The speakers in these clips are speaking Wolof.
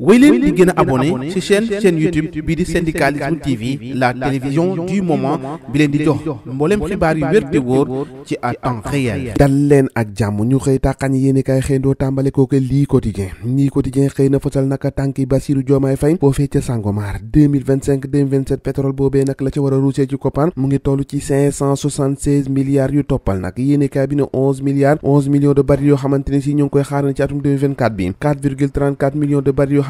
wéy leen di gën a abonné ci chaîne chaîne YouTube bii di syndicalisme TV la télévision du moment bi leen di jox mboolem xibaar yu wér te wóor ci à temps dal leen ak jàmm ñu xëy tàqañ yéeni kaay xëy kooke lii quotidien lii quotidien xëy na fasal naka tànki Bassirou Diomaye Faye foofee ca Sangomar 2025 boobee nag la ca war a ci koppaan mu ngi toll ci milliards yu toppal nag yéeni bi ne 11 de barils yoo si ñu ngi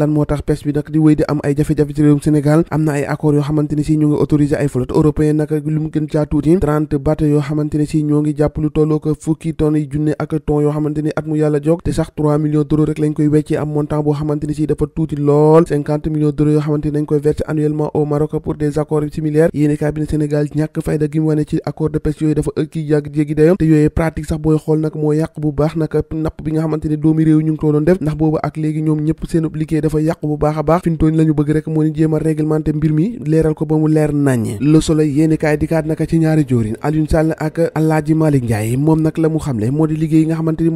lan moo tax koy weccee am montant boo xamante si dafa tuuti lool 50 millions d'euros yoo xamante dañ koy verser annuellement au Maroc pour des accords similaires yéeni kaay Sénégal ñàkk fayda gi wane ci accord de yooyu dafa ëkk yàgg jéggi dayo te yooyu pratique sax boobu ak léegi ñoom ñëpp seen liggéey dafa yàqu bu baax a baax fi mu toll la bëgg rek moo ni jéem a réglementé mbir mi leeral ko ba mu leer naññe le soleil yéeni kaay di naka ci ñaari jóorin Alioune Sall ak Alaaji Malick Ndiaye moom nag la mu xamle moo liggéey yi nga xamante na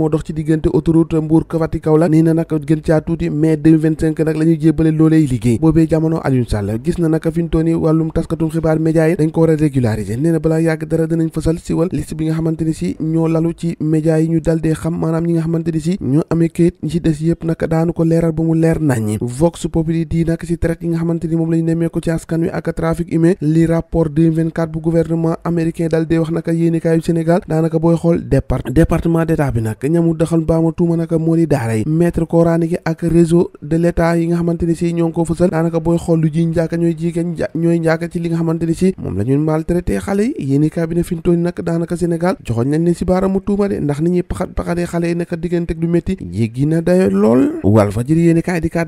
nag gis na naka fi wàllum taskatum xibaar média dañ ko war a régulariser nee na yàgg dara dinañ fësal siwal liste bi nga xamante si ñoo lalu ci média yi ñu dal xam maanaam ñi nga xamante ñi vox populi di nag ci askan wi li rapport 2024 bu gouvernement américain dal dee wax naka yéenikaayu Sénégal daanaka booy xool départ département bi nag ñoo njaaka ci li nga xamante ni moom la ñuy xale yi yéenikaay bi ne fi ñu toll nag Sénégal joxoñ nañ leen si tuuma de ndax ni ñuy paxat paxatee xale yi naka diggante du métti jéggi na dayo lool wal fajiri yéenikaay di kaat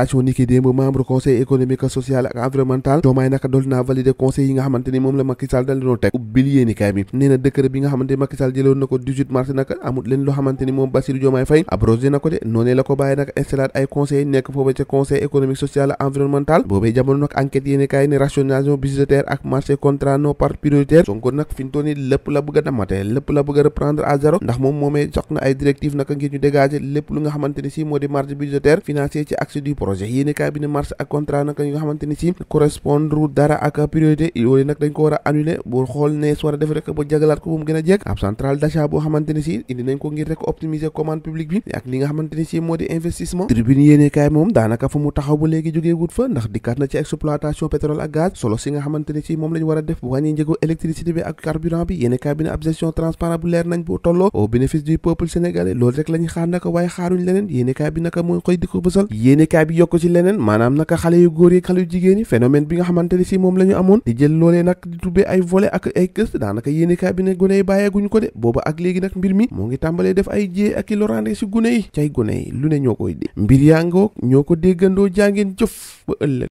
déclaration conseil économique social ak environnemental joomaay naka dool naa valider conseil yi nga xamante moom la marché contrat financier ci axe du projet projet yéeni kaay bi ne marché ak contrat nag nga xamante ni correspondre dara ak priorité yooyu nag dañ ko war a annuler bu xool ne war a def rek ba jagalaat ko bu mu gën a jekk ab di investissement tribune yéeni kaay bi ne ab transparent bu leer nañ bu tolloo au bénéfice du peuple sénégalais loolu rek lañu xaar naka waaye xaaruñ leneen yéeni kaay bi naka mooy koy di ko bësal yéeni kaay bi yokk ci leneen maanaam naka xale yu góor yi xale yu jigéen yi phénomène bi nga xamante ne si moom la ñu amoon di jël loolee nag di tubbee ay volet ak ay kës daanaka yéenekaay bi ne gone yi bàyyeeguñu ko de booba ak léegi nag mbir mi moo ngi tàmbalee def ay jiyee ak i loraande si gune yi cay gone yi lu ne ñoo koy di mbir yaa ngoog ñoo ko déggandoo jàngeen jëf ba ëllëg